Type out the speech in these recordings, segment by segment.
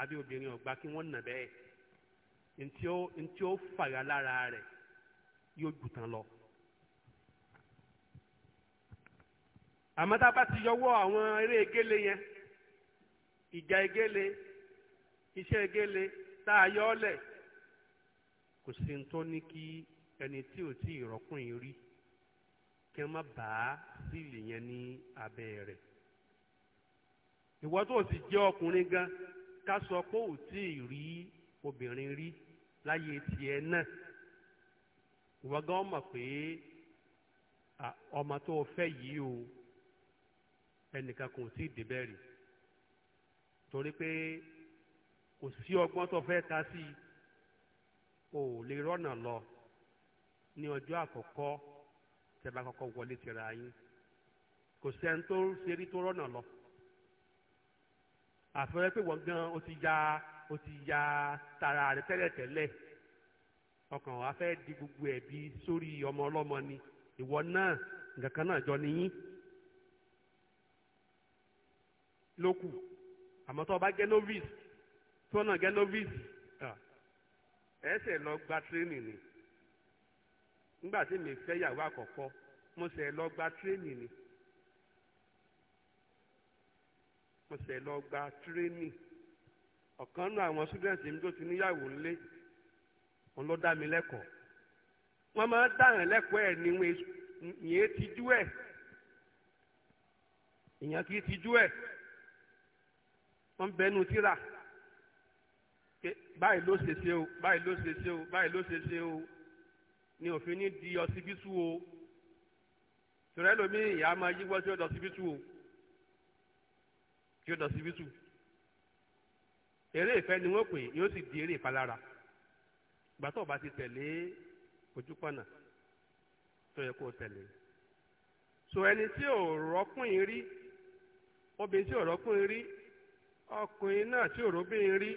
àbí obìnrin ọ̀gbà kí wọ́n nà bẹ́ẹ̀ ntí ó ntí ó fàyà lára rẹ̀ yóò jù tán lọ. àmọ́ tá a bá ti yọwọ́ àwọn eré egéle yẹn ìjà egéle iṣẹ́ egéle tá a yọ ọ́ lẹ̀ kò sí ní tó ní kí ẹni tí ò tí ì rọ́kùnrin rí kí wọ́n má bà á sílì yẹn ní abẹ́ rẹ̀ ìwọ tó sì jẹ́ ọkùnrin gan ká sọ pé ò tí ì rí obìnrin rí láyé tiẹ̀ náà ìwọ gan mọ̀ pé ọmọ tó o fẹ́ yìí o ẹnìkan kò tí ì débẹ̀ rí torí pé kò sí ọgbọ́n tó fẹ́ ta sí o lè rọ́nà lọ ní ọjọ́ àkọ́kọ́ tẹ́ bá kọ́kọ́ wọlé tìra yín kò sẹ́ni tó ṣe rí tó rọ́nà lọ àfẹ́rẹ́ pé wọ́n gan o ti ya o ti ya tara rẹ tẹ́lẹ̀tẹ́lẹ̀ ọkàn wa fẹ́ di gbogbo ẹ̀ bí sórí ọmọ ọlọ́mọ ni ìwọ náà nǹkan kan náà jọ nìyí lókù àmọ́ tó o bá jẹ́ novice tó náà jẹ́ novice ẹsẹ̀ lọ gba tírénì ni nígbà tí mi fẹ́ yàwó àkọ́kọ́ mo ṣe lọ gba tírénì ni. mo ṣẹ̀ lọ gba tírénì ọ̀kan nù àwọn sítúdẹ̀ǹtì mi tó ti níyàwó ńlé òun ló dá mi lẹ́kọ̀ọ́ wọ́n máa dàrán lẹ́kọ̀ọ́ ẹ̀ ní wọn ìyẹn ti jú ẹ̀ ìyẹn kì í ti jú ẹ̀ wọ́n bẹnu tíra báyìí ló ṣe ṣe o báyìí ló ṣe ṣe o báyìí ló ṣe ṣe o ni òfin ní di ọsibítù o tòrẹ́lómi ìyá máa yíwọ́ sí ọ̀dọ̀ ọsibítù o yóò lọ síbítù eré ìfẹ́ ni wọ́n pè yóò sì di eré ìpalára ìgbà tó o bá ti tẹ̀lé ojúpọ̀nà tó yẹ kó o tẹ̀lé so ẹni tí ò rọ́kùnrin rí obìnrin tí ò rọ́kùnrin rí ọkùnrin náà tí ò róbìnrin rí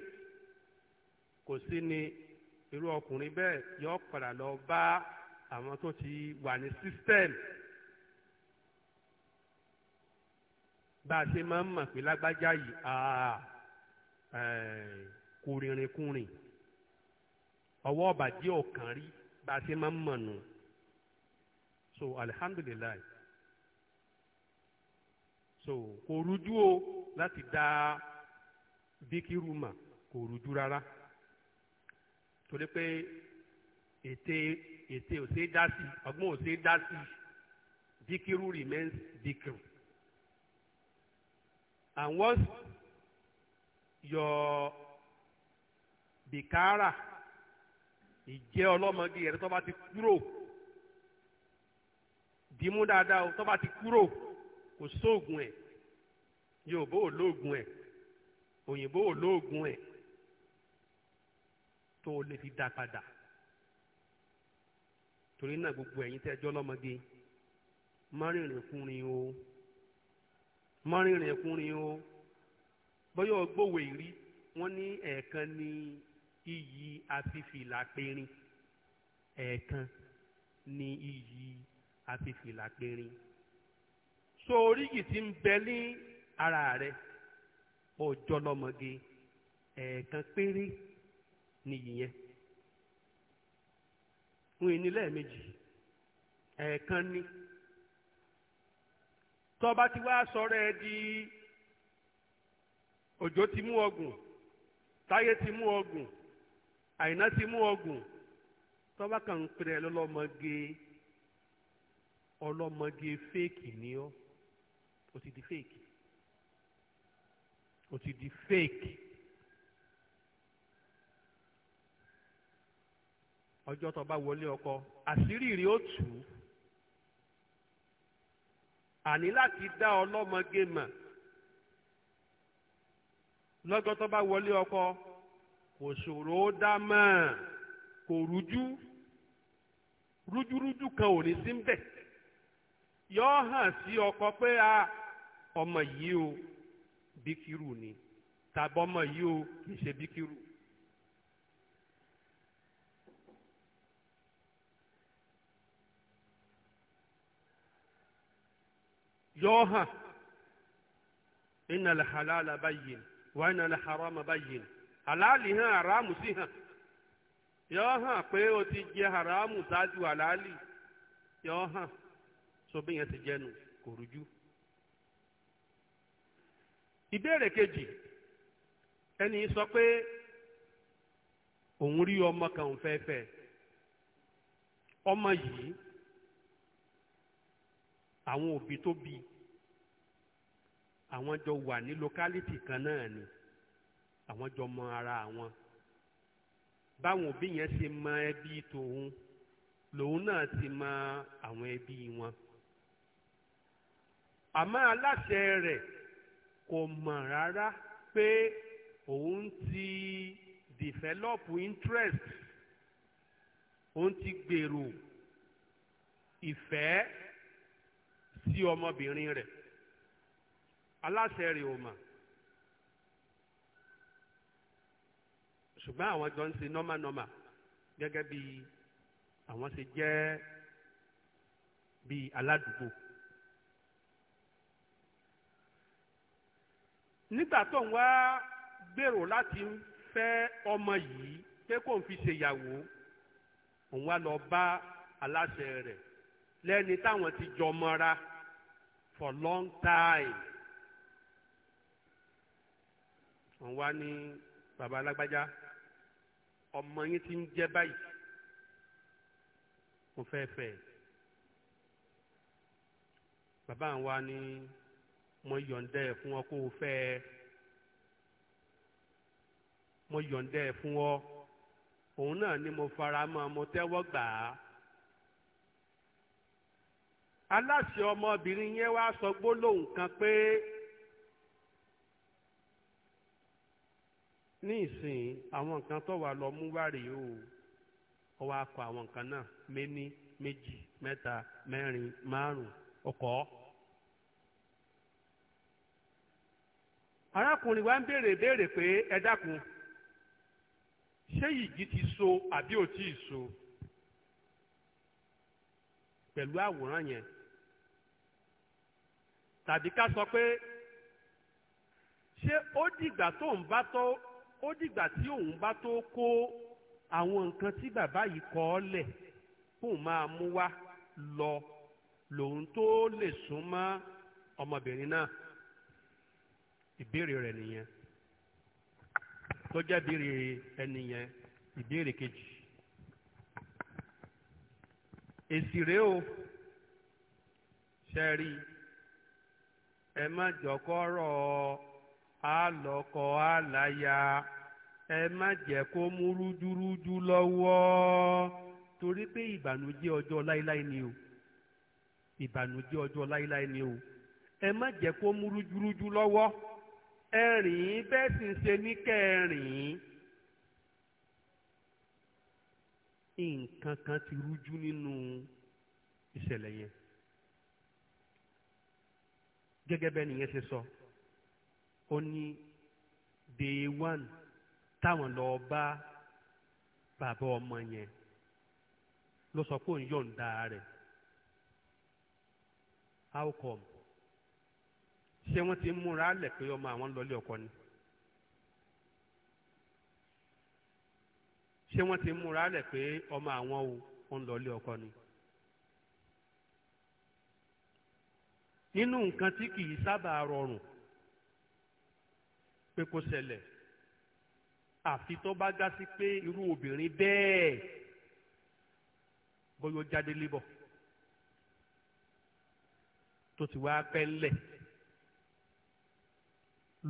kò sí ni irú ọkùnrin bẹ́ẹ̀ yọ padà lọ bá àwọn tó ti wà ní sísítẹ́ẹ̀mù bá a ṣe máa ń mọ̀ pé lágbájá yìí kò rìnrìn kùnrin ọwọ́ ọ̀bàdí ọ̀kan rí bá a ṣe máa ń mọ̀ nù so alihamdulilayi so kò rújú o láti dá bíkírù mà kò rújú rárá torí pé ète ète ò dá sí ọgbọ́n ò dá sí bíkírù remains bíkírù and once your bìkárà ìjẹ́ ọlọ́mọge rẹ tó bá ti kúrò dìímú dáadáa o tó bá ti kúrò kò sóògùn ẹ̀ yorùbá ò lóògùn ẹ̀ òyìnbó ò lóògùn ẹ̀ tó o lè fi dá padà torí náà gbogbo ẹ̀yin tẹ́jọ́ lọ́mọge má rìnrìn kúrin o mọ́rìnrìn ẹ̀kúnrin o bọ́yọ̀ gbòwè rí wọ́n ní ẹ̀ẹ̀kan ní iyì afifìlàpẹ̀rin ẹ̀ẹ̀kan ní iyì afifìlàpẹ̀rin so oríyì tí ń bẹ ní ara rẹ ọjọ́ lọ́mọge ẹ̀ẹ̀kan péré ní ìyẹn ń ní lẹ́ẹ̀mejì ẹ̀ẹ̀kan ní tó bá ti wá sọ̀rọ̀ ẹ di òjò ti mú ọgùn táyé ti mú ọgùn àyìnà ti mú ọgùn tó bá kàn ń pèrè lọ́lọ́mọge ọlọ́mọge fèèkì ni ọ́ ó ti di fèèkì ó ti di fèèkì. ọjọ́ tó bá wọlé ọkọ àṣírí rí ó tù ú àní láti dá ọlọ́mọge mọ̀ lọ́gán tó bá wọlé ọkọ kò ṣòro ó dá mọ̀ kò rújú rújúrújú kan ò ní sí yọ hàn sí ọkọ pé a ọmọ yìí o bíkírù ni tàbí yìí o kì í ṣe bíkírù. yóò hàn inna al-halala bayyin wa inna al-harama bayyin àlàálì hàn àràmù sí ha yóò hàn pé o ti je àràmù ṣáájú àlàálì yóò so bí yẹn ẹni sọ pé òun rí ọmọ kan fẹfẹ ọmọ yìí àwọn òbí tó àwọn jọ wà ní lókálítì kan náà ni àwọn jọ mọ ara àwọn báwọn òbí yẹn ṣe mọ ẹbí tòun lòun náà ti mọ àwọn ẹbí wọn àmọ́ aláṣẹ rẹ̀ kò mọ̀ rárá pé òun ti develop interest òun ti gbèrò ìfẹ́ sí ọmọbìnrin rẹ̀ aláṣẹ rẹ̀ ò mọ̀ ṣùgbọ́n àwọn jọ ń ṣe nọ́mà nọ́mà gẹ́gẹ́ bí àwọn ṣe jẹ́ bí aládùúgbò. nígbà tó ń wá gbèrò láti fẹ́ ọmọ yìí pé kò ń fi ṣèyàwó òun wá lọ bá aláṣẹ rẹ̀ lẹ́ni táwọn ti jọ mọ́ra for long time. wọ́n wá ní bàbá alágbájá ọmọ yín ti ń jẹ́ báyìí mo fẹ́ fẹ́ bàbá àwọn wa ní mo yọ̀ǹda ẹ̀ fún ọ kó o fẹ́ ẹ mo yọ̀ǹda ẹ̀ fún ọ òun náà ni mo fara mọ́ mo tẹ́wọ́ gbà á aláṣẹ ọmọbìnrin yẹn wá sọ gbólóhùn kan pé. ní ìsìn àwọn nǹkan tó wà lọ mú wá rèé o ó wá kọ àwọn nǹkan náà méní méjì mẹ́ta mẹ́rin márùn ọkọ̀ arákùnrin wa ń béèrè béèrè pé ẹ dákun ṣé ti so àbí ò tí ì so pẹ̀lú àwòrán yẹn tàbí ká sọ pé ṣé ó dìgbà tó ń bá tó ó dìgbà tí òun bá tó kó àwọn nǹkan tí bàbá yìí kọ́ ọ lẹ̀ kóun máa mú wá lọ lòun tó lè sún mọ́ ọmọbìnrin náà ìbéèrè rẹ̀ nìyẹn tó jẹ́ ìbéèrè ẹni yẹn ìbéèrè kejì èsì rèé o ṣe rí i ẹ má jọkọrọ alọ́kọ aláya ẹ má jẹ́ kó mú rújúrújú lọ́wọ́ torí pé ìbànújẹ ọjọ́ láíláí ni o ìbànújẹ́ ọjọ́ láíláí ni o ẹ má jẹ́ kó mú rújúrújú lọ́wọ́ ẹ rìn bẹ́ẹ̀ sì ń ṣe ní kẹrin nǹkan kan ti rújú nínú ìṣẹ̀lẹ̀ yẹn gẹ́gẹ́ bẹ́ẹ̀ nìyẹn ṣe sọ. So. ó ní day one táwọn lọ bá bàbá ọmọ yẹn ló sọ pé òun yọ̀ǹda rẹ̀ how come ṣé wọ́n ti ń múra lẹ̀ pé ọmọ àwọn ń lọlé ọkọ ni ṣé wọ́n ti ń múra lẹ̀ pé ọmọ àwọn ò ń lọlé ọkọ ni. nínú nǹkan tí kì í sábà rọrùn pé kó ṣẹlẹ̀ àfi tó bá gá sí pé irú obìnrin bẹ́ẹ̀ bóyá ó jáde lébọ̀ tó ti wá pẹ́ ńlẹ̀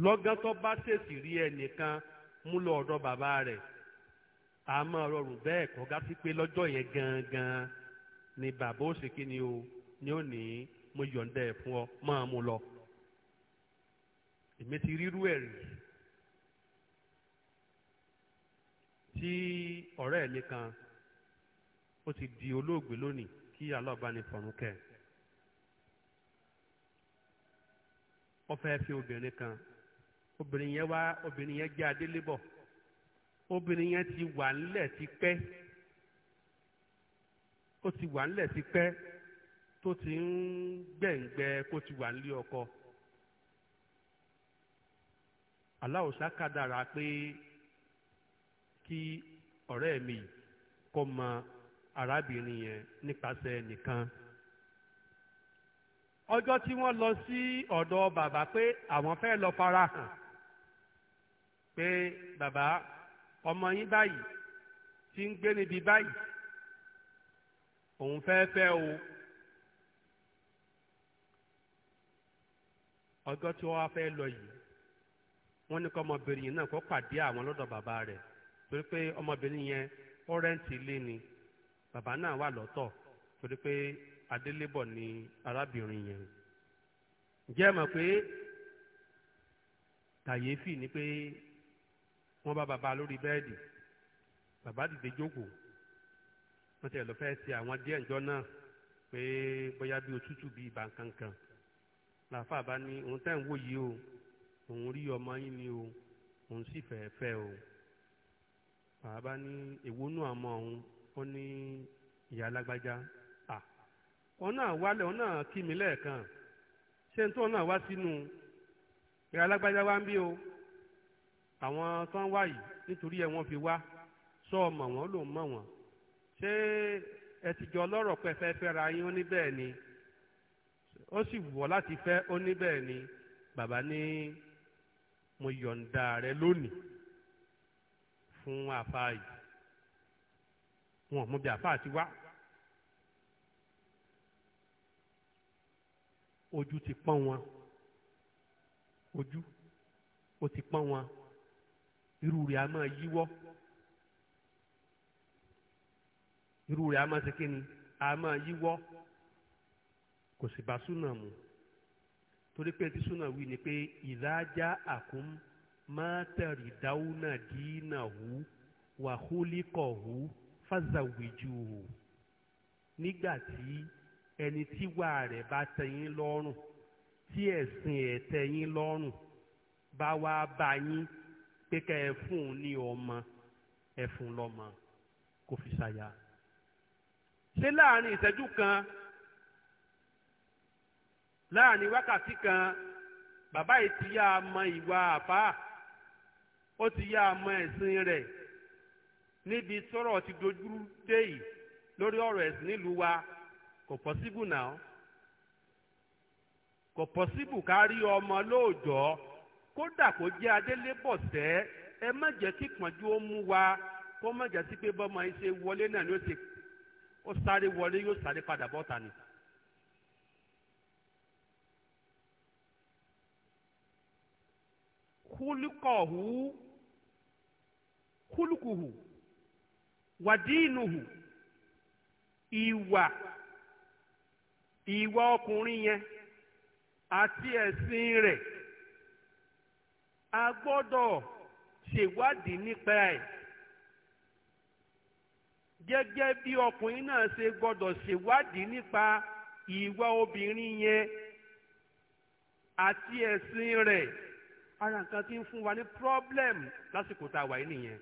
lọ́gán tó bá ṣèṣì rí ẹnìkan mú lọ ọ̀dọ̀ bàbá rẹ̀ àmọ́ rọrùn bẹ́ẹ̀ kọ́ gá sí pé lọ́jọ́ yẹn gangan ni bàbá ó sì kí ni o ni ó ní mo yọ̀ǹda ẹ̀ fún ọ máa mú lọ èmi ti rírú ẹ̀ rí tí ọ̀rẹ́ mi kan ó ti di olóògbé lónìí kí alábàánífọ̀rún kẹ́ ó fẹ́ fi obìnrin kan obìnrin yẹn wá obìnrin yẹn jẹ́ adélébọ̀ obìnrin yẹn ti wà nílẹ̀ ti pẹ́ ó ti wà nílẹ̀ ti pẹ́ tó ti ń gbẹ̀ǹgbẹ́ kó ti wà nílé ọkọ aláwòsá kádàrá pé. kí ọ̀rẹ́ mi kó mọ arábìnrin yẹn nípasẹ̀ nìkan ọjọ́ tí wọ́n lọ sí ọ̀dọ̀ bàbá pé àwọn fẹ́ lọ fara hàn pé bàbá ọmọ yín báyìí ti ń gbé níbi báyìí òun fẹ́ fẹ́ o ọjọ́ tí wọ́n wá fẹ́ lọ yìí wọ́n ní kọ́ ọmọbìnrin yìí náà kó pàdé àwọn lọ́dọ̀ bàbá rẹ̀ torí pé ọmọbìnrin yẹn ó rẹ́ǹtì ilé ni bàbá náà wà lọ́tọ̀ torí pé adélébọ̀ ni arábìnrin yẹn ǹjẹ́ mọ̀ pé kàyéfì ni pé wọ́n bá bàbá lórí bẹ́ẹ̀dì bàbá dìde jókòó wọ́n tẹ̀ lọ fẹ́ ṣe àwọn díẹ̀ ǹjọ́ náà pé bóyá bí òtútù bí ibà kankan làáfà bá ní òun tẹ̀ ń wò yìí o òun rí ọmọ yín ni o òun sì fẹ́ fẹ́ o àbá ní èwo nù àmọ́ òun ó ní ìyá alágbájá à òun náà wálẹ̀ òun náà kí mi lẹ́ẹ̀kan ṣé n tó òun náà wá sínú ìyá alágbájá wá ń bí o àwọn tó ń wá yìí nítorí ẹ wọ́n fi wá sọ ọmọ wọn ló mọ̀ wọn ṣé ẹ ti jọ lọ́rọ̀ pé fẹ́ yín ó ní bẹ́ẹ̀ ni ó sì wọ̀ láti fẹ́ ó ní bẹ́ẹ̀ ni bàbá ní mo yọ̀ǹda rẹ lónìí fún àfáà yìí wọn mọ bí àfáà ti wá ojú ti pọ́n wọn ojú ó ti pọ́n wọn irú rẹ̀ a máa yíwọ́ irú rẹ̀ a máa ṣe kíni a máa yíwọ́ kò sì bá súnà mu torí pé tí súnà wí ni pé ìdájá àkúm mátàrí dáúnà dínàhù wàhólíkọ̀hù fàzàwìjúhù nígbà tí ẹni tí wà rẹ̀ bá tẹ̀yìn lọ́rùn tí ẹ̀sìn ẹ̀ tẹ̀yìn lọ́rùn bá wá bá yín pé ká ẹ fún un ní ọmọ ẹ fún un lọ́mọ kò fi ṣàyà. ṣé láàrin ìṣẹ́jú kan láàrin wákàtí kan bàbá yìí mọ ìwà àfáà ó ti yá àmọ́ ẹ̀sìn rẹ̀ níbi tọ́rọ̀ ti dojúrú téyì lórí ọ̀rọ̀ ẹ̀sìn nílùú wa kò pọ́síbù náà kò pọ́síbù ká rí ọmọ lóòjọ́ kódà kó jẹ́ adélébọ̀sẹ́ ẹ má jẹ́ kí pọ́njú ó mú wa kó má jẹ́ sí pé bọ́mọ yìí ṣe wọlé náà ni ó ti ó sáré wọlé yóò sáré padà bọ́ta ni. kúlùkọ̀hù kúlùkùhù wàdíìnùhù ìwà iwa ọkùnrin yẹn àti ẹ̀sìn rẹ̀ a gbọ́dọ̀ ṣèwádìí nípa ẹ̀ gẹ́gẹ́ bí ọkùnrin náà ṣe gbọ́dọ̀ ṣèwádìí nípa ìwà obìnrin yẹn àti ẹ̀sìn rẹ̀ ara nǹkan tí ń fún wa ní problem lásìkò tá a wà yìí nìyẹn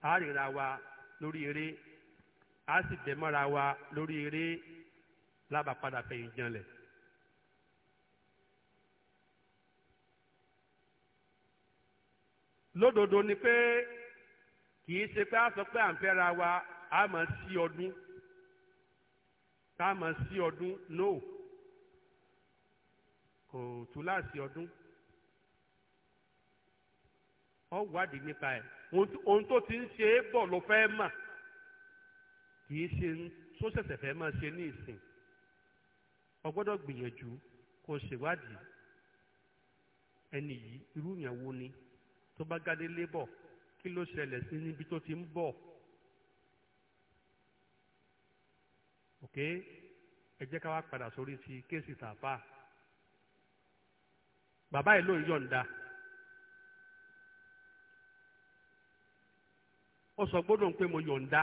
a ríra wa lórí eré a sì bẹ mọ́ra wa lórí eré lábàpadà fẹ̀yìn janlẹ̀. lódodo ni pé kì í ṣe pé a sọ pé à ń fẹ́ra wa a máa sí ọdún ká máa sí ọdún no kò tú láti ọdún ọ wádìí nípa ẹ̀ ohun tó ti ń ṣe é bọ̀ ló fẹ́ mà kì í ṣe tó ṣẹ̀ṣẹ̀ fẹ́ máa ṣe ní ìsìn ọ gbọ́dọ̀ gbìyànjú kó ṣèwádìí ẹni yìí irú yẹn ni tó bá gádé lébọ̀ kí ló ṣẹlẹ̀ sí níbi tó ti ń bọ̀ ok ẹ jẹ́ ká wá padà sórí ti kéèsì tàfà bàbá yìí ló ń yọ̀ǹda. ó sọ gbọ́dọ̀ pé mo yọ̀ǹda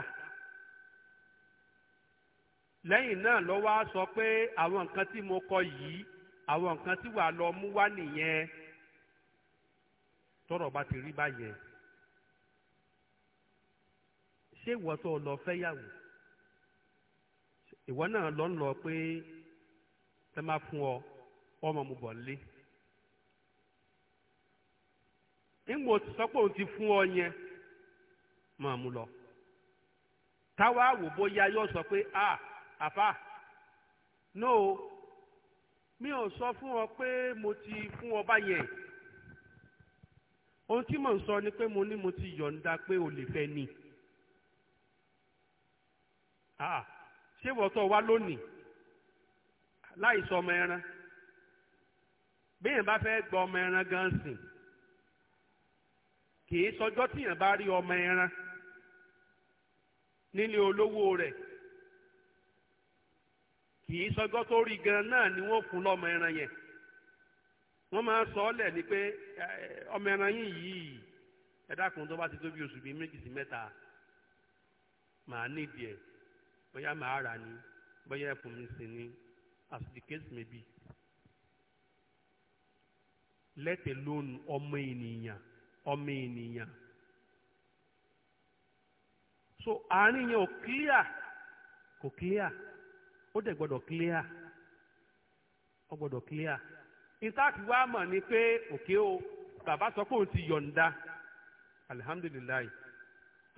lẹ́yìn náà ló wá sọ pé àwọn nǹkan tí mo kọ yìí àwọn nǹkan tí wàá lọ mú wá nìyẹn tọ́rọ̀ bá ti rí báyẹn ṣé ìwọ tó lọ fẹ́yàwó ìwọ náà lọ ń lọ pé ẹ má fún ọ ọmọ mu bọ̀ nílé ńgbò sọ pé òun ti fún ọ yẹn máa mú lọ táwa wò bóyá yóò sọ pé a ah, àfa no mi ò sọ fún ọ pé mo ti fún ọ báyẹn ohun tí mò ń sọ ni pé mo ní mo ti yọ̀ǹda pé o lè fẹ́ ni ah, ṣé wọ́tọ̀ wá lónìí láì sọ ọmọ ẹran béèyàn bá fẹ́ gba ọmọ ẹran gan sìn kì í sọjọ́ tíyàn bá rí ọmọ ẹran. nílé olówó rẹ kì í sọjọ́ tó rí gan náà ni wọ́n fún lọ́mọ ẹran yẹn wọ́n máa sọ ọ́ lẹ̀ ni pé ọmọ ẹran yín yìí ẹ tó bá ti tó bí oṣù bíi méjì sí mẹ́ta màá nídìí ẹ̀ bóyá màá rà bóyá mi sì ní lẹ́tẹ̀ lónìí so àárín yẹn ò clear kò clear ó dẹ̀ gbọ́dọ̀ clear ó gbọ́dọ̀ clear intact wa mọ̀ ni pé òkè o bàbá sọ pé òun ti yọ̀ǹda alihamdulilayi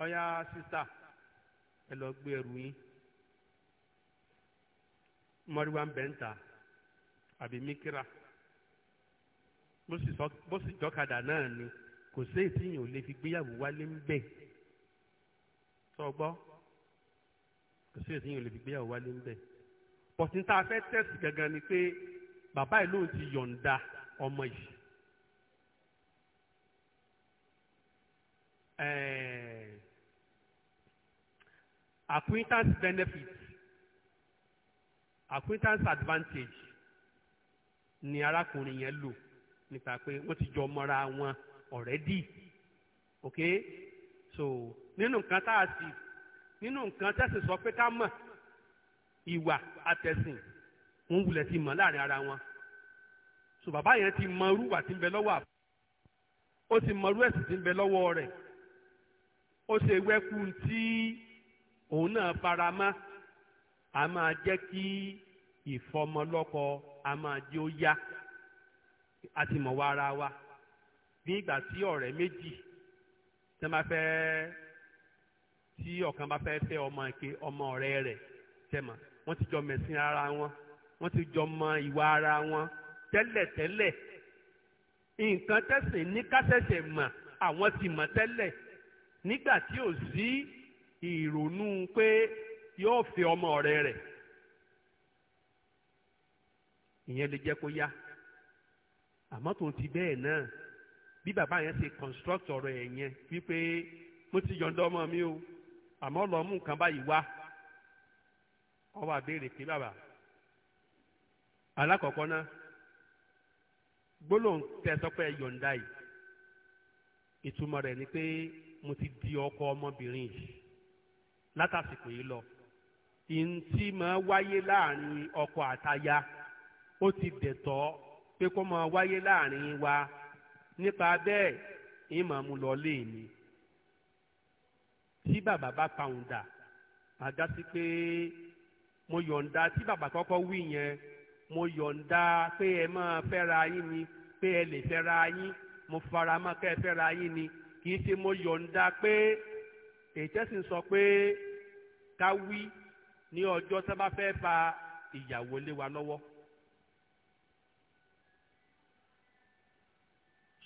ọ̀ya sísá ẹ lọ gbé ẹrù yín mọ́ríwá ń bẹ̀ ń ta àbí mikira bó sì jọ́kadà náà ni kò sí èyí tí yìnyín ò lè fi gbéyàwó wálé ń bẹ̀ sọ gbọ́ kò sí èsì yìí ò lè fi gbéyàwó wálé ńbẹ̀ pọ̀sìn tá a fẹ́ tẹ̀sì gangan ni pé bàbá yìí lóun ti yọ̀ǹda ọmọ yìí. acquaintance benefit acquaintance advantage ni arákùnrin yẹn lò nípa pé wọ́n ti jọ mọ́ra wọn already okay so nínú nǹkan tá a sì nínú nǹkan tẹ́sí sọ pé ká mọ̀ ìwà àtẹ̀sìn wọn wulẹ̀ ti mọ̀ láàrin ara wọn so bàbá yẹn ti mọ irú wà tí ń bẹ lọ́wọ́ àbọ̀ ó ti mọ irú ẹ̀sìn tí ń bẹ lọ́wọ́ rẹ̀ ó ṣe wẹ́kú tí òun náà fara mọ́ a máa jẹ́ kí ìfọmọlọ́kọ a máa jẹ́ ó yá a ti mọ̀ wá ara wa bí ìgbà tí ọ̀rẹ́ méjì tí wọ́n fẹ́ tí ọ̀kan bá fẹ́ fẹ́ ọmọ ìke ọmọ ọ̀rẹ́ rẹ̀ tẹ̀mọ̀ wọ́n ti jọ mẹ̀sìn ara wọn wọ́n ti jọ mọ ìwà ara wọn tẹ́lẹ̀tẹ́lẹ̀ nǹkan tẹ̀sìn ní kásẹ̀sẹ̀ mọ̀ àwọn ti mọ̀ tẹ́lẹ̀ nígbà tí ò sí ìrònú pé yóò fi ọmọ ọ̀rẹ́ rẹ̀ ìyẹn lè jẹ́ kó yá àmọ́ tó ti bẹ́ẹ̀ náà bí bàbá yẹn ṣe construct ọ̀rọ̀ ẹ̀ yẹn wípé mo ti yọ̀ǹda ọmọ mi o àmọ́ lọ mú nǹkan báyìí wá ó wá béèrè pé bàbá alákọ̀ọ́kọ́ náà gbólóhùn tẹ́sọ́pẹ́ yọ̀ǹda yìí ìtumọ̀ rẹ̀ ni pé mo ti di ọkọ ọmọbìnrin látàsìkò yìí lọ ìyẹn tí máa wáyé láàrin ọkọ àtaya ó ti dẹ̀tọ́ pé kó máa wáyé láàrin wa nípa bẹ́ẹ̀ ń máa mú lọ lé mi tí bàbá bá pàun dà àga sí pé mo yọ̀ǹda tí bàbá kọ́kọ́ wí yẹn mo yọ̀ǹda pé ẹ máa fẹ́ra yín ni pé ẹ lè fẹ́ra yín mo fara mọ́ kẹ́ ẹ fẹ́ra yín ni kì í ṣe mo yọ̀ǹda pé ètẹ́sì sọ pé ká wí ní ọjọ́ tá fẹ́ fa ìyàwó lé wa lọ́wọ́.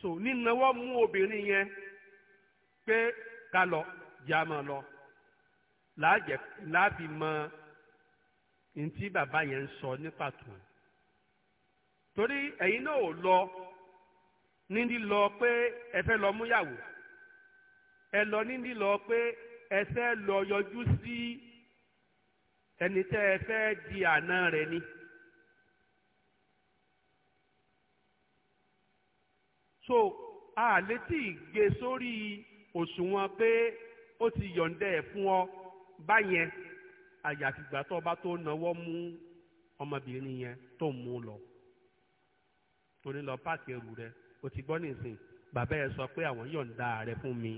so nínáwó mú obìnrin yẹn pé ká lọ yá máa lọ láàjẹ láàbì mọ ntí bàbá yẹn ń sọ ní pàtó torí ẹ̀yin náà ò lọ nídìí lọ pé ẹ fẹ́ lọ múyàwó ẹ lọ nídìí lọ pé ẹ fẹ́ lọ yọjú sí ẹni tẹ́ ẹ fẹ́ di àná rẹ̀ ni. so a lè tí ì gbé sórí òṣùwọ̀n pé ó ti yọ̀ǹda ẹ̀ fún ọ báyẹn àyàfìgbà tó bá tó náwó mú ọmọbìnrin yẹn tó mú un lọ torí lọ páàkì ẹrù rẹ o ti gbọ́ nísìn bàbá yẹn sọ pé àwọn yọ̀ǹda rẹ fún mi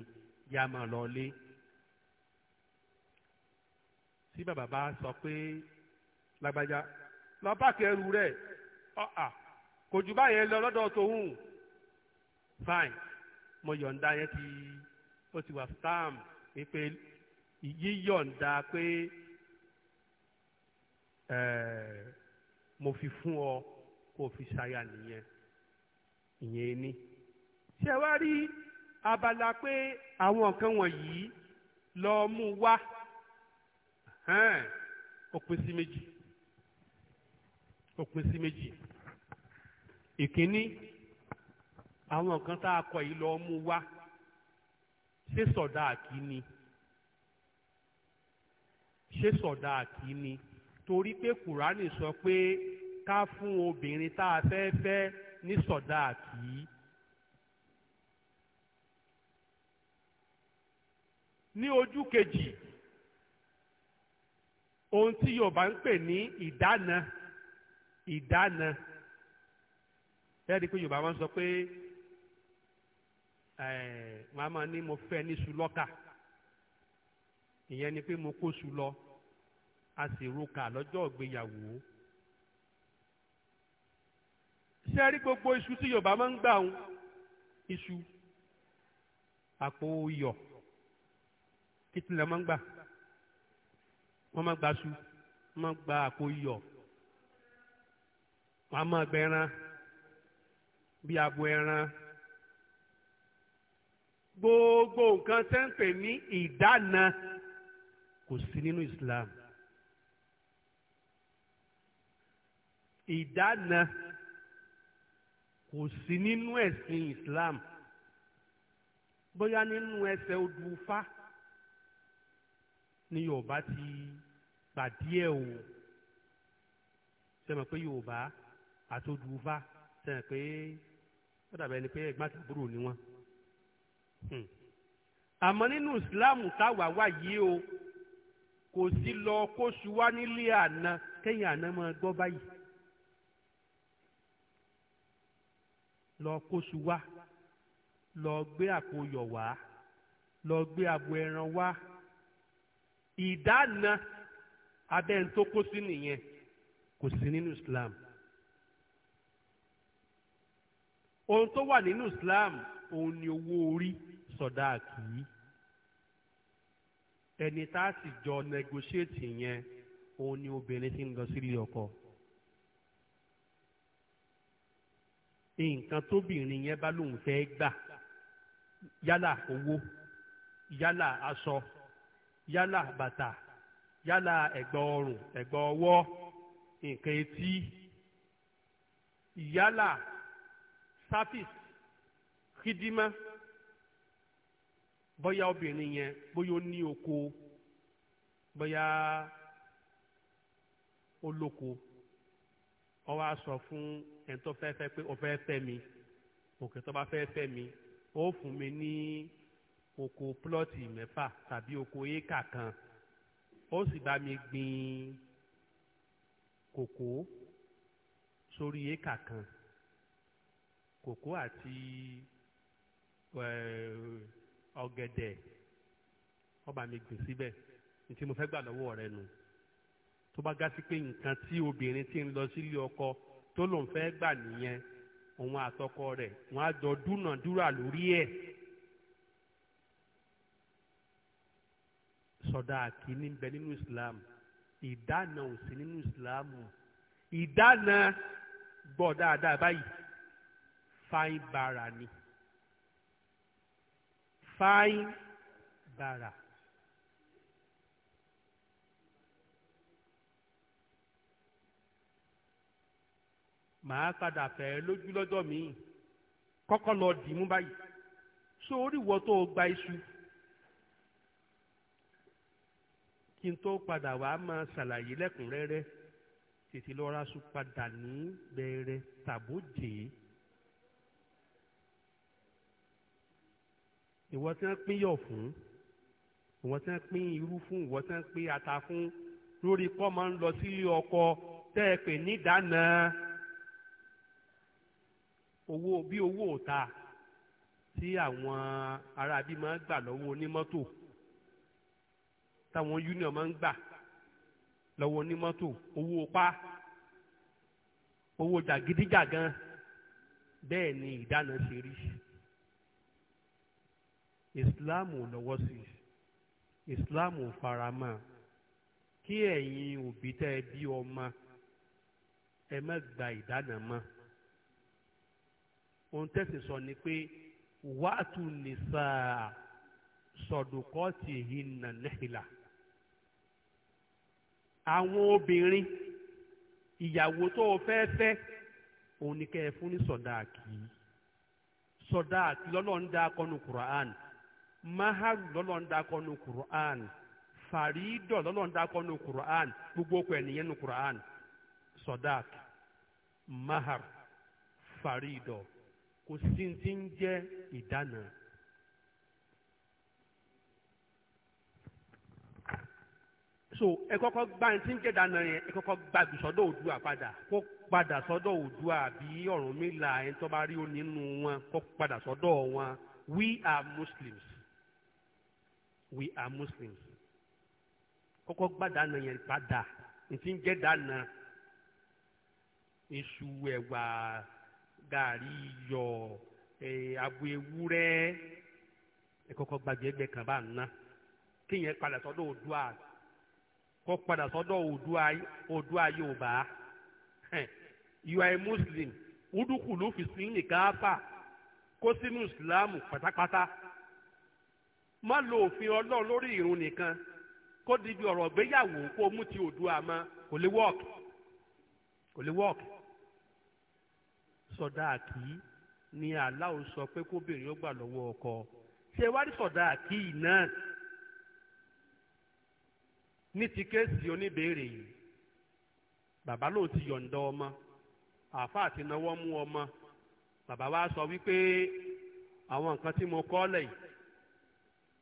yá máa lọ lé tí bàbá bá sọ pé lágbájá lọ páàkì ẹrù rẹ kò jù báyẹn lọ lọ́dọ̀ tòun fine mo yọ̀ǹda yẹn ti ó ti wà stamp wípé yíyọ̀ǹda pé eh, mo fi fún ọ kó o fi ṣaya nìyẹn ìyẹn ni ṣé wá rí abala pé àwọn nǹkan wọ̀nyí lọ mú wá ó pín sí méjì ó sí méjì ìkíní àwọn nǹkan tá a kọ yìí lọ mú wá ṣé sọ̀dá àkí ni ṣé sọ̀dá àkí ni torí pé kùránì sọ pé ká fún obìnrin tá a fẹ́ fẹ́ ní sọ̀dá àkí. ní ojú kejì ohun tí Yorùbá ń pè ní ìdána ìdána ẹ rí i pé Yorùbá máa ń sọ pé màá máa ní mo fẹ́ ní sulọ́kà ìyẹn ni pé mo kó su a sì roka lọ́jọ́ ìgbéyàwó. ṣé ẹ rí gbogbo iṣu tí yorùbá máa ń gbà ń iṣu àpò iyọ̀ kí tí lè máa ń gbà wọ́n máa gba su wọ́n máa gba àpò iyọ̀ wọ́n máa gbẹran bí abo ẹran gbogbo nǹkan tẹ́ ń pè ní ìdána kò sí nínú Islam ìdána kò sí nínú ẹ̀sìn Islam bóyá nínú ẹsẹ̀ odùfá ni Yorùbá ti pàdé ẹ̀ o ṣe mọ̀ pé Yorùbá àti odùfá ṣe mọ̀ pé ó dàbẹ̀ ni pé ẹ̀gbọ́n àtàbúrò ni wọ́n. Hmm. àmọ́ nínú ìsìláàmù táwa wà yìí o kò sí lọ kóṣù wá nílé àná kẹ́yìn àná máa gbọ́ báyìí lọ kóṣù wá lọ gbé àpò yọ̀ wá lọ gbé abo ẹran wá ìdáná abẹ́ ń tó kó sí nìyẹn kò sí nínú Islam ohun tó wà nínú Islam òun ni owó orí sọdáàkì ẹni tá a sì jọ negotiate yẹn òun ni obìnrin ti ń lọ sílé ọkọ. nǹkan tóbìnrin yẹn bá lóun fẹ́ gbà yálà owó yálà aṣọ yálà bàtà yálà ẹ̀gbọ́ ọrùn ẹ̀gbọ́ ọwọ́ nǹkan etí yálà sáfìs kìdímà bóyá obìnrin yẹn bóyá ó ní oko bóyá ó lóko ó wá sọ fún ẹni tó fẹ́ fẹ́ pé ó fẹ́ fẹ́ mi òkè tó bá fẹ́ fẹ́ mi ó fún mi ní oko plọ́ọ̀tì mẹ́fà tàbí oko éékà kan ó sì bá mi gbin kòkó sórí éékà kan kòkó àti ẹ̀ẹ́. Uh, ọ̀gẹ̀dẹ̀ ọba mi gbìn síbẹ̀ ní tí mo fẹ́ gbà lọ́wọ́ rẹ nù tó bá gá sí pé nǹkan tí obìnrin ti ń lọ sílé ọkọ tó lòun fẹ́ gbà nìyẹn òun àtọkọ rẹ̀ wọ́n á jọ dúnàdúrà lórí ẹ̀ sọdá kìíní bẹ nínú Islam ìdáná ò sí nínú Islam ìdáná gbọ́ dáadáa báyìí fáin bára ni fáyín bàrà. màá padà fẹ́ lójú lọ́jọ́ míì kọ́kọ́ lọ dì mú báyìí so oríwọ tó gba iṣu kí n tó padà wá máa ṣàlàyé lẹ́kùnrẹ́rẹ́ tètè lọ́ra sùn padà ní bẹ̀rẹ̀ tàbó jèé. ìwọ tí wọ́n pín yọ̀ fún ìwọ tí wọ́n pín irú fún ìwọ tí wọ́n pín ata fún lórí kọ́ máa ń lọ sílé ọkọ tẹ́ ẹ pè ní ìdáná owó bí owó òta tí àwọn aráabí máa ń gbà lọ́wọ́ onímọ́tò táwọn union máa ń gbà lọ́wọ́ onímọ́tò owó pa owó jàgídíjàgan bẹ́ẹ̀ ni ìdáná ṣe rí sí islamu lọ́wọ́ sí islam farama kí ẹ̀yin òbí tẹ́ ẹ bí ọmọ ẹ má gba ohun tẹ́sí sọ ni pé wàátù nìsa sọ̀dùkọ́tì yìí nà nẹ́hìlà àwọn obìnrin ìyàwó tó o fẹ́ fẹ́ òun ni kẹ́ ẹ fún ní sọ̀dáàkì sọ̀dáàkì Mahar lọ́lọ́ ń dakọ́ Qur'an faridọ̀ lọ́lọ́ ń dakọ́ Qur'an gbogbo ọkọ̀ ẹ̀nìyẹn nu Qur'an sodak mahar faridọ̀ kò sí ti ń ìdáná. so ẹ kọ́kọ́ gbá ẹni tí ń jẹ́ dáná yẹn ẹ kọ́kọ́ gbá ibi sọ́dọ̀ padà kó padà sọ́dọ̀ Oòduà àbí Ọ̀rúnmìlà ẹni tó bá rí ó nínú wọn kó padà sọ́dọ̀ wọn we are Muslims we are muslims kọ́kọ́ gbàdánà yẹn padà ntí ń jẹ́ dáná iṣu ẹ̀wà gàrí iyọ̀ abo ewúrẹ́ ẹ kọ́kọ́ gbàgbé ẹgbẹ́ kan bá ná kéèyàn padà sọ́dọ̀ Oòduà kọ́ padà sọ́dọ̀ Oòduà Oòduà Yorùbá you are a muslim udukulu fi sílímì káfà kó sínú ìsìlámù pátápátá. má lo òfin ọlọ́run lórí ìrun nìkan kó di ọ̀rọ̀ gbéyàwó kó mú ti òdu mọ́ kò lè work kò lè ni aláwo sọ pé kóbìnrin ó gbà lọ́wọ́ ọkọ ṣé wá rí náà ní ti kéèsì oníbèrè yìí bàbá lòun ti yọ̀ǹda ọmọ wa sọ wípé àwọn nǹkan tí mo kọ́ lẹ̀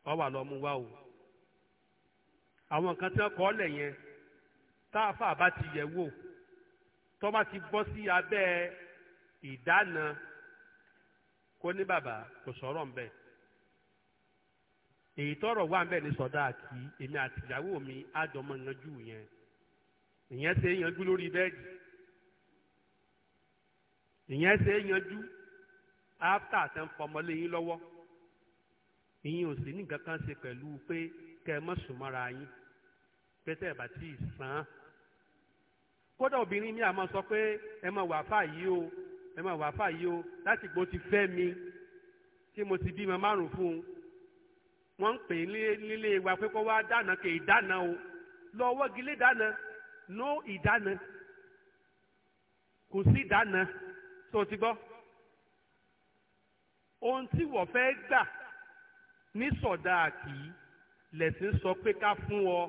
wọ́n wà lọ́mú wá o àwọn nǹkan tí wọ́n kọ́ lẹ̀ yẹn táàfà bá ti yẹ̀ wò tó bá ti bọ́ sí abẹ́ ìdáná kó ní bàbá kò sọ̀rọ̀ ńbẹ̀ èyí tọrọ wà ńbẹ̀ ní sọdá àti èmi àti ìyàwó mi àjọmọ yanjú yẹn ìyẹn ṣe é yanjú lórí bẹ́ẹ̀dì ìyẹn ṣe é yanjú áfítà àti ẹnfọmọlẹ́yìn ìyẹn ò sì ní nǹkan kan ṣe pẹ̀lú pé kẹ́ ẹ má sùn mọ́ra yín pẹ́sẹ́ ẹ̀ bá tí ì sàn án. kódà obìnrin mi àmọ́ sọ pé ẹ máa wà fà yìí o ẹ máa wà fà yìí o láti gbó ti fẹ́ mi tí mo ti bímọ márùn fún un. wọ́n ń pè nílé wa pé kó wá dáná kè é dáná o lọ wọ́gi lé dáná nó ìdáná kò sí ìdáná tó ti gbọ́. ohun tí wọ́n fẹ́ gbà ní sọ̀dáàkì lẹ̀sìn sọ pé ká fún ọ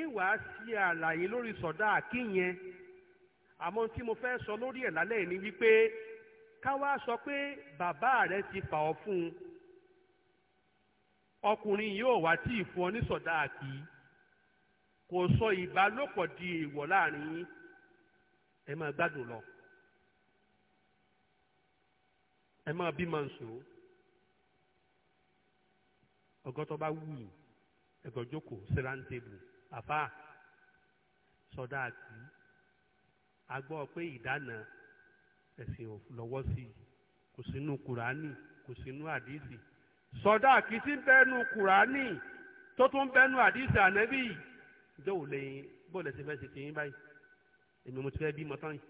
ìwà ṣe àlàyé lórí sọ̀dáàkì yẹn àmọ́ tí mo fẹ́ sọ lórí ẹ̀ lálẹ́ ni wípé ká wá sọ pé bàbá rẹ ti fà ọ́ fún ọkùnrin yóò wá tí ì fún ọ ní sọ̀dáàkì kò sọ ìbálòpọ̀ di èèwọ̀ láàrin yín ẹ máa gbádùn lọ ẹ máa bí ń sòrò ọgọ́ tó bá wù yín ẹ̀gọ́ jókòó sẹ́rántébù àfà sọdá àti agbọ́ pé ìdáná ẹ̀sìn lọ́wọ́ sí i kò sínú kurani, kò sínú àdìsí sọdá àti sí bẹ́ẹ̀nu kùránì tó tún bẹ́ẹ̀nu àdìsí ànábì ìjọ ò lẹ́yìn bóòlù ẹ̀sìn fẹ́ ṣe yín báyìí èmi mo ti fẹ́ bímọ tán yìí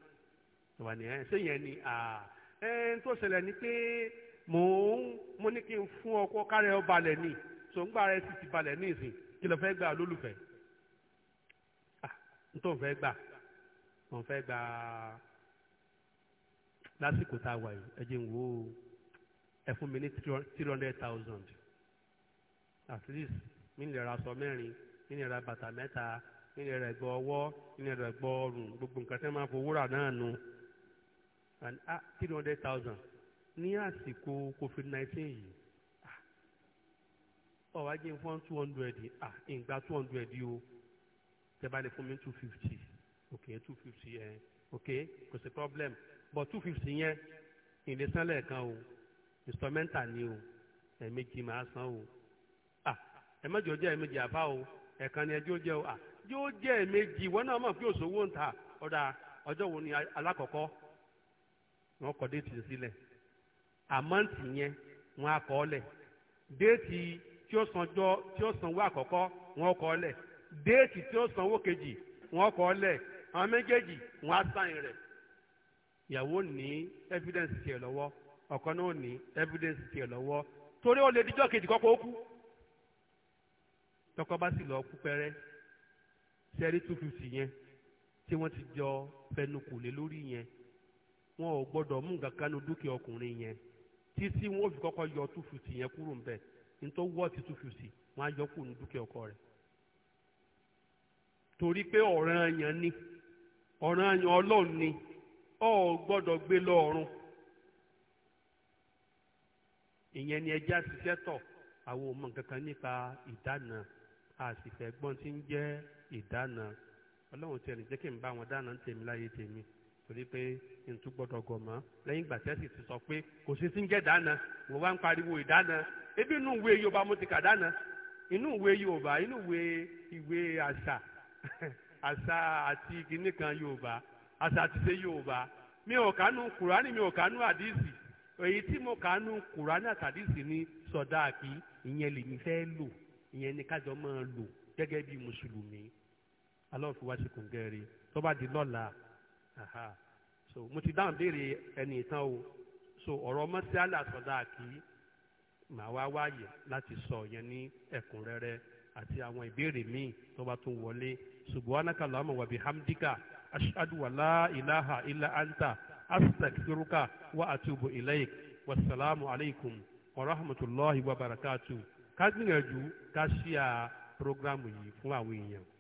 ìwà nìyẹn ṣé yẹn ni ẹ̀ ń tó ṣẹlẹ̀ ni pé. Mo, ń mo ní kí n fún ọkọ kárẹ̀ ọ balẹ̀ ni so ń gbà rẹ sì ti balẹ̀ ní ìsìn kí ló fẹ́ gbà lólùfẹ́ n tó ń fẹ́ gbà mo ń fẹ́ gbà lásìkò tá a wà yìí ẹ jẹ́ n wo ẹ fún mi ní three hundred thousand at least mi lè ra aṣọ mẹ́rin mi lè ra bàtà mẹ́ta mi lè ra ẹ̀gbọ́ ọwọ́ mi lè ra ẹ̀gbọ́ ọrùn gbogbo nǹkan tẹ́ máa fowó rà náà nu and ah three hundred thousand ní àsìkò covid nineteen yìí ah, ọ̀wá jẹ́ fún two hundred ah ìgbà two hundred o tẹ́ bá lè fún mi two fifty ok two fifty ẹ̀ ok kò sí problem but two fifty yẹn ìlẹ̀sánlẹ̀ kan o instrumental ni o ẹ̀ẹ̀mejì máa san o ah ẹ̀ẹ̀mejì ọjọ́ ẹ̀ẹ̀mejì àbá o ẹ̀ẹ̀kan ni ẹjọ́ jẹ́ o ah yóò jẹ́ ẹ̀ẹ̀mejì ìwọ náà mọ̀ pé òṣòwò ń ta ọ̀dà ọjọ́ wo ni alákọ̀ọ́kọ́ wọn kọ̀ déètì sílẹ̀ àmọ́ǹtì yẹn wọ́n á kọ ọ́ lẹ̀ déètì tí ó sanjọ́ tí ó sanwó àkọ́kọ́ wọ́n kọ ọ́ lẹ̀ déètì tí ó sanwó kejì wọ́n kọ ọ́ lẹ̀ àwọn méjèèjì wọ́n á sáyìn ìyàwó ní evidence tiẹ̀ lọ́wọ́ ọkọ náà ní evidence tiẹ̀ lọ́wọ́ torí ó lè díjọ́ kejì kọ́kọ́ ó kú tọkọ bá sì lọ kú pẹ́rẹ́ sẹ́rí two fifty yẹn tí wọ́n ti jọ fẹnukù lé lórí yẹn wọn ò gbọ́dọ̀ mú nǹkan kanú dúkìá ọkùnrin yẹn títí wọn ò fi kọ́kọ́ yọ two fifty yẹn kúrò ńbẹ̀ nítorí wọ́ọ̀ ti two fifty wọn yọ kúrò ní dúkìá ọkọ rẹ̀ torí pé ọ̀ràn yẹn ni ọ̀ràn yẹn ọlọ́run ni ọ gbọ́dọ̀ gbé lọ́ọ̀run ìyẹn ni ẹja ṣiṣẹ́ tọ̀ àwọn ọmọ kankan nípa ìdáná àṣìfẹ́ gbọ́n ti ń jẹ́ ìdáná ọlọ́run tiẹ̀ jẹ́ kí n bá wọn dáná tèmi láyé tèmi torí pé ntú gbọ́dọ̀ gọmọ lẹ́yìn ìgbà tẹsí ti sọ pé kò sí síńjẹ dáná wọn wá ń pariwo ìdáná ebi inú ìwé yorùbá mo ti kà dáná inú ìwé yorùbá inú ìwé ìwé àṣà àṣà àti kìnnì kan yorùbá àṣà àti ṣe yorùbá mi ò kánú kùránì mi ò kánú àdìsí èyí tí mo kánú kùránì àtàdìsí ni sọdá àkì ìyẹn lèmi fẹ́ lò ìyẹn ni kájọ máa lò gẹ́gẹ́ bí mùsùlùmí alọ́ọ̀fù wá sí kùngẹ́rì tó di lọ́la. Aha so mo ti dáhùn béèrè ẹni ìtàn o so ọ̀rọ̀ mọ́sálà sọ̀dá kì í màá wá wáyè láti sọ yẹn ní ẹ̀kúnrẹ́rẹ́ àti àwọn ìbéèrè míì tó bá tún wọlé subhanaka allahumma wa bihamdika ashhadu wa la ilaha illa anta astaghfiruka wa atubu ilaik wasalaamu alaykum wa rahmatulahi wa barakatuh ká gbìyànjú ká ṣíà programu yìí fún àwọn èèyàn.